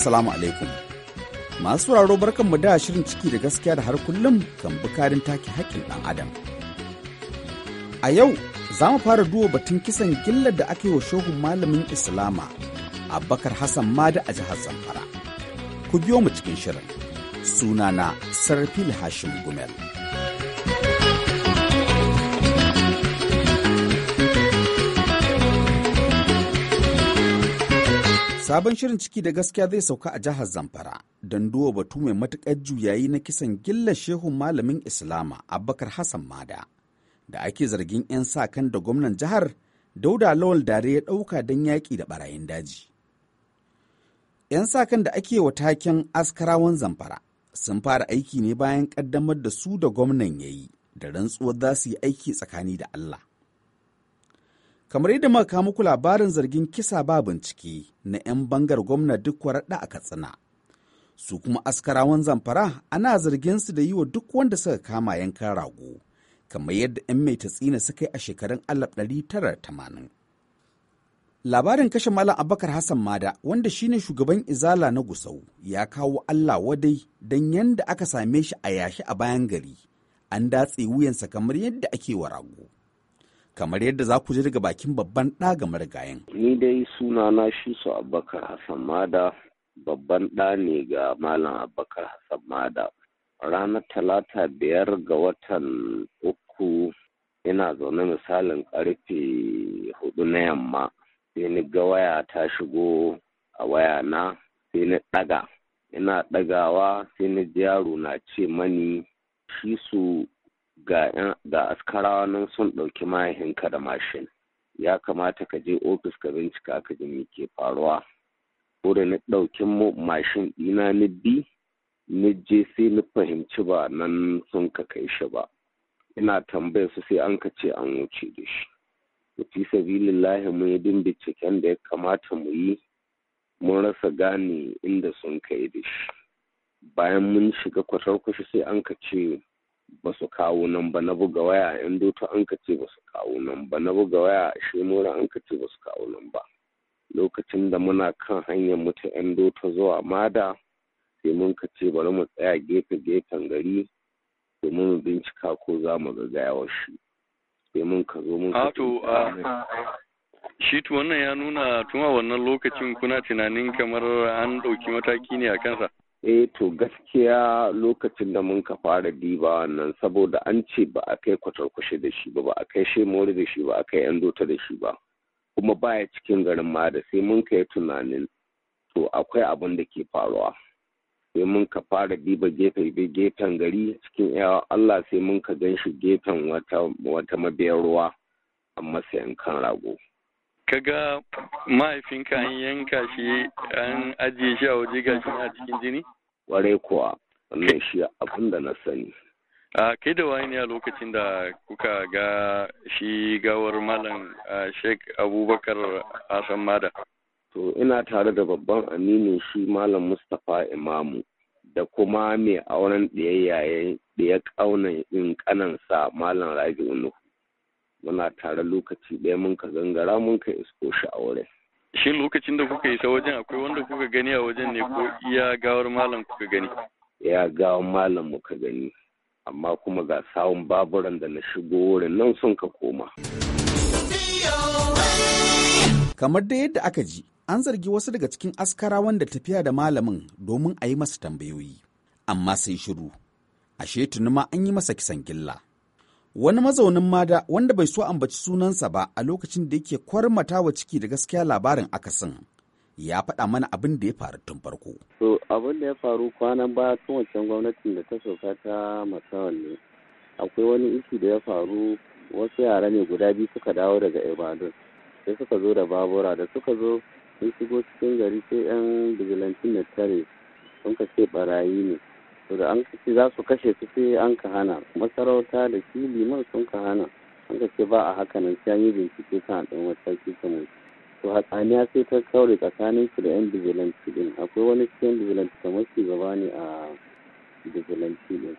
Assalamu alaikum. Masu sauraro barkan mu da shirin ciki da gaskiya da har kullum kan bukarin take haƙƙin ɗan adam. A yau za mu fara duba batun kisan gillar da aka yi wa shogun malamin Islama Abubakar Hassan madi a jihar Zamfara. Ku biyo mu cikin shirin. Sunana Sarfil Hashim Gumel. Sabon shirin ciki da gaskiya zai sauka a jihar Zamfara don duwa batu mai matuƙar juyayi na kisan gilla shehun malamin Islama Abubakar Hassan Mada da ake zargin 'yan sa kan da gwamnan jihar Dauda Lawal Dare ya ɗauka don yaƙi da ɓarayin daji. 'Yan sa kan da ake wa taken askarawan Zamfara sun fara aiki ne bayan ƙaddamar da su da gwamnan ya yi da rantsuwar za su yi aiki tsakani da Allah. kamar yadda muka kawo muku labarin zargin kisa ba bincike na 'yan bangar gwamna duk waraɗa a katsina su kuma askarawan zamfara ana zargin su da yi wa duk wanda suka kama yankan rago kamar yadda 'yan mai tatsina suka yi a shekarun 1980 labarin kashe malam abakar hassan mada wanda shine shugaban izala na gusau ya kawo allah wadai don yadda aka same shi a yashi a bayan gari an datse wuyansa kamar yadda ake wa rago kamar yadda za ku ji daga bakin babban ɗa ga marigayin. Ni dai sunana shisu shi Abubakar Hassan Mada babban ɗa ne ga Malam Abubakar Hassan Mada. Ranar talata biyar ga watan uku ina zaune misalin karfe hudu na yamma sai ni ga waya ta shigo a waya na sai ni ɗaga. Ina ɗagawa sai ni na ce mani shi su ga askarawa nan sun ɗauki mahaihinka da mashin ya kamata ka je ofis ka bincika ka ji me ke faruwa ko da na ɗaukin mashin ɗina na bi na je sai na fahimci ba nan sun ka kai shi ba ina tambayar su sai an ka ce an wuce da shi fi sabilillahi mu yi binciken da ya kamata mu yi mun rasa gane inda sun kai da shi bayan mun shiga kwatar kwashe sai an ka ce ba su kawo nan ba na buga waya yan doto an ka ce ba su kawo nan ba na buga waya shi mura an ka ce ba su kawo nan ba lokacin da muna kan hanyar mutu yan doto zuwa mada sai mun ka ce bari mu tsaya gefe gefen gari domin mu bincika ko za mu ga gayawar shi sai mun ka zo mun ka ah, shi wannan ya nuna tuma wannan lokacin kuna tunanin kamar an ɗauki mataki ne a kansa e to gaskiya lokacin da mun ka fara diba nan saboda an ce ba a kai kwatarkwashe da shi ba ba a kai shemori da shi ba a kai yandota da shi ba kuma baya cikin garin ma da sai mun kai tunanin to akwai abin da ke faruwa sai mun ka fara diba gefe gefen gari cikin yawa Allah sai mun ka gan shi gefen wata mabiyar ruwa amma sayan kan rago kaga mahaifinka an yanka shi an ajiye shi a waje ga gashi a cikin jini ware kuwa wannan shi abin da na sani a kai da wani a lokacin da kuka ga shi gawar malam Sheikh abubakar hassan mada to ina tare da babban aminin shi malam mustapha imamu da kuma mai auren ɗaya yayin da ya ƙaunan in kanansa malam rabi'u nuhu muna tare lokaci ɗaya mun ka gangara mun ka isko shi a wurin shin lokacin da kuka isa wajen akwai wanda kuka gani a wajen ne ko iya gawar malam kuka gani ya gawar malam ka gani amma kuma ga sawun baburan da na shigo wurin nan sun ka koma kamar da yadda aka ji an zargi wasu daga cikin askara wanda tafiya da malamin domin a yi masa tambayoyi amma sai shiru ashe tuni ma an yi masa kisan gilla Wani mazaunin mada wanda bai so ambaci sunansa ba a lokacin da yake kwarmata wa ciki da gaskiya labarin akasin ya faɗa mana abin da ya faru tun farko. So abin da ya faru kwanan baya tun wancan gwamnatin da ta sauka ta masawan ne. Akwai wani iki da ya faru wasu yara ne guda biyu suka dawo daga ibadun Sai suka zo da babura da suka zo sun shigo cikin gari sai 'yan bijilantin da tare sun ka barayi ne. to da an kace za su kashe su sai an ka hana masarauta da shi liman sun ka hana an ka ce ba a haka nan sai an yi bincike kan ɗan mataki kamar to hatsaniya sai ta kaure tsakanin su da yan bijilanci din akwai wani cikin bijilanci kamar shugaba ne a bijilanci din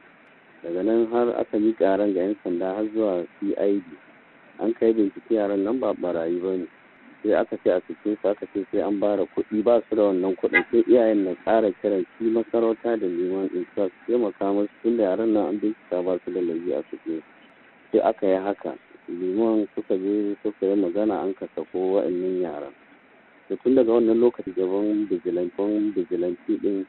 daga nan har aka yi karan ga yan sanda har zuwa cid an kai bincike yaran nan ba barayi ba ne sai aka ce a sake su aka ce sai an bara kuɗi ba su da wannan kuɗin sai iyayen na ƙara kiran shi masarauta da liman in su taimaka musu tun da yaran nan an bincika ba su da lalle a sake sai aka yi haka liman suka je suka yi magana an ka sako wa'annan yaran da tun daga wannan lokaci gaban bijilantan bijilanti din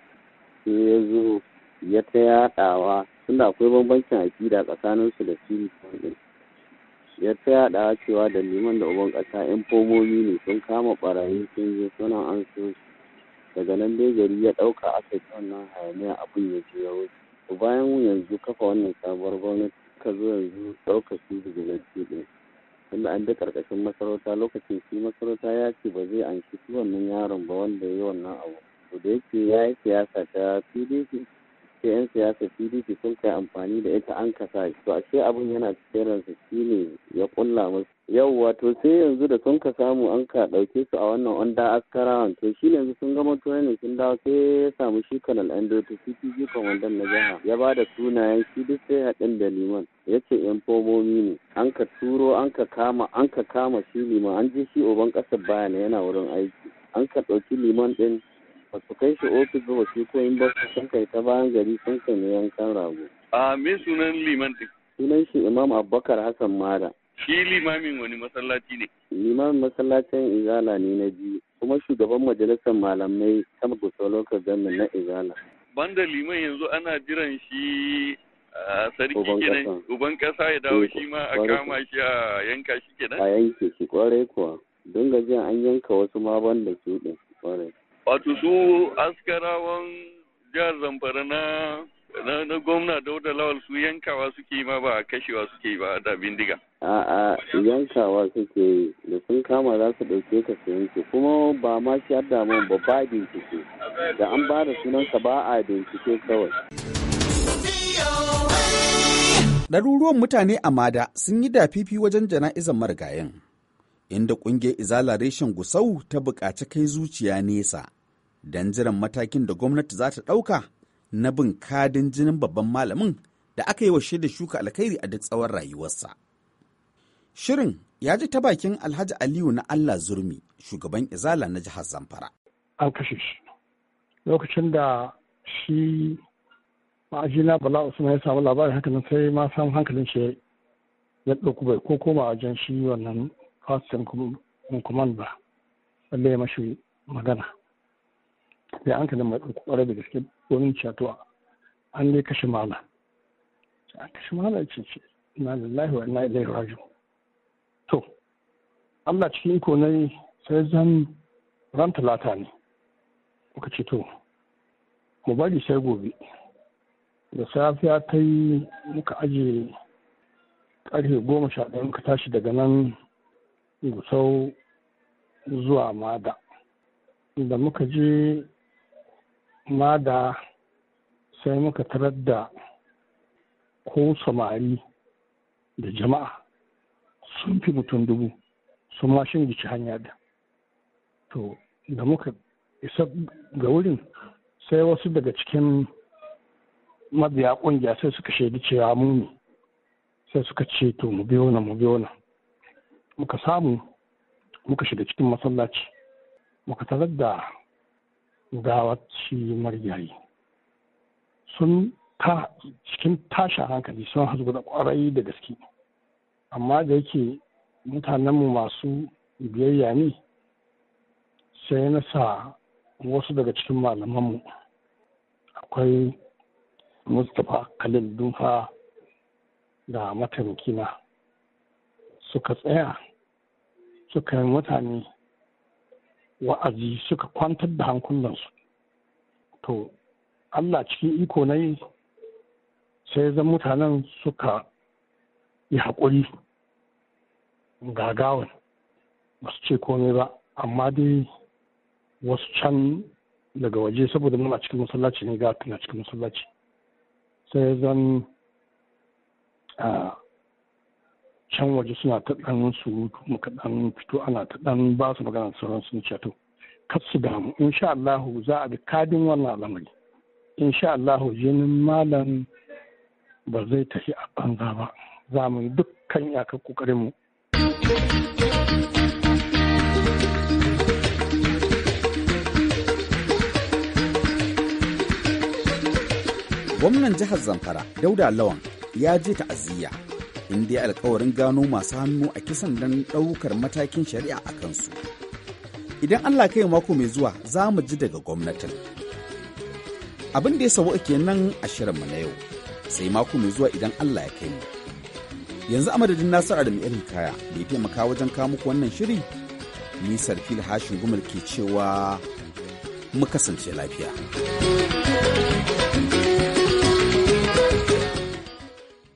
sai ya zo ya ta yaɗawa tunda akwai bambancin aƙida tsakaninsu da shi ya ta yaɗa cewa da liman da uban ƙasa yan fomomi ne sun kama ɓarayi sun je suna an so daga nan dai gari ya ɗauka aka yi wannan hayaniya abin ya je ya wuce bayan yanzu kafa wannan sabuwar gwamnati ka zo yanzu ɗauka su vigilanti ɗin tunda an da ƙarƙashin masarauta lokacin shi masarauta ya ce ba zai an shi wannan yaron ba wanda ya yi wannan abu to da yake ya yi siyasa ta pdp ce 'yan siyasa pdp sun kai amfani da ita an kasa shi to ashe abin yana cikin shi shine ya kulla musu yau wato sai yanzu da sun ka samu an ka ɗauke su a wannan onda askarawan to shi ne yanzu sun gama training sun dawo sai ya samu shi kanal ando to ctg kwamandan na jiha ya ba da sunayen shi duk sai haɗin da liman ya ce 'Yan fomomi ne an ka turo an ka kama an ka kama shi liman an je shi oban ƙasar bayana yana wurin aiki an ka ɗauki liman ɗin Ka su kai shi ofis ba shi ko in ba sun kai ta bayan gari sun kai ne yankan rago. a me sunan liman din sunan shi imam abubakar hassan mara shi limamin wani masallaci ne limamin masallacin izala ne na biyu kuma shugaban majalisar malamai ta gusa lokacin na izala banda liman yanzu ana jiran shi sarki kenan uban kasa ya dawo shi ma a kama shi a yanka shi kenan a yanke shi kwarai kuwa don gajiya an yanka wasu ma banda su din kwarai wato su askarawan jihar zamfara na na, na gwamna dauda lawal su yankawa suke ma ba kashewa suke ba da bindiga a'a yankawa suke da sun kama za su ɗauke ka su yanke kuma ba ma shi damu ba ba bincike da an ba da sunanka ba a bincike kawai ɗaruruwan mutane a mada sun yi dafifi wajen jana'izan marigayin. inda ƙungiyar izala reshen gusau ta buƙaci kai zuciya nesa don jiran matakin da gwamnati za ta ɗauka na bin kadin jinin babban malamin da aka yi wa shaida shuka alkhairi a duk tsawon rayuwarsa. Shirin ya ji ta bakin Alhaji Aliyu na Allah Zurmi, shugaban Izala na jihar Zamfara. An kashe shi. Lokacin da shi ma'ajina Bala Usman ya samu labarin haka nan sai ma samu hankalin shi ya ɗauku bai ko koma wajen shi wannan hostin ba, wanda ya mashi magana Bai an kada mai kwarai da gaske domin cewa an dai kashe mala an kashe mala ya cece, na lillahi wa inna ilai raju. to Allah cikin iko ne sai zan ran talata ne muka ce to mu bari sai gobe da safiya ta yi muka ajiye karfe goma sha ɗaya muka tashi daga nan gusau zuwa mada da muka je mada sai muka tarar da ko samari da jama'a sun fi mutum dubu sun ma gici hanya da to da muka isa ga wurin sai wasu daga cikin mabiya kungiya sai suka shaidi cewa mu sai suka ce to mu biyo na mu biyo na muka samu muka shiga cikin masallaci muka tarar da gawaci marigayi sun ta cikin tashin hankali sun hasbu da kwarai da gaske amma da yake mutanenmu masu biyayya ne sai na sa wasu daga cikin malamanmu akwai mustapha khalil dunfa da mataimakina suka tsaya suka yi mutane wa'azi suka kwantar da hankulansu to allah cikin iko na yi sai zan mutanen suka yi haƙuri gagawan ba su ce komai ba amma dai wasu can daga waje saboda muna cikin masallaci ne ga na cikin masallaci sai zan ah, can waje suna ta ɗan surutu muka ɗan fito ana ta ɗan ba su magana sauran sun ce to kar su damu insha Allah za a bi kadin wannan al'amari insha Allah jinin malam ba zai tafi a banza ba za mu dukkan iyakar kokarin mu Gwamnan jihar Zamfara Dauda Lawan ya je ta'aziyya in dai alkawarin gano masu hannu a kisan don ɗaukar matakin shari'a a kansu. Idan Allah kai mako mai zuwa za mu ji daga gwamnatin. Abin da ya sawa nan a shirinmu na yau, sai mako mai zuwa idan Allah ya kai mu. Yanzu a madadin Nasiru Adam Irin Kaya da ya taimaka wajen kawo muku wannan shiri, ni Sarfil Hashin gumul ke cewa mu kasance lafiya.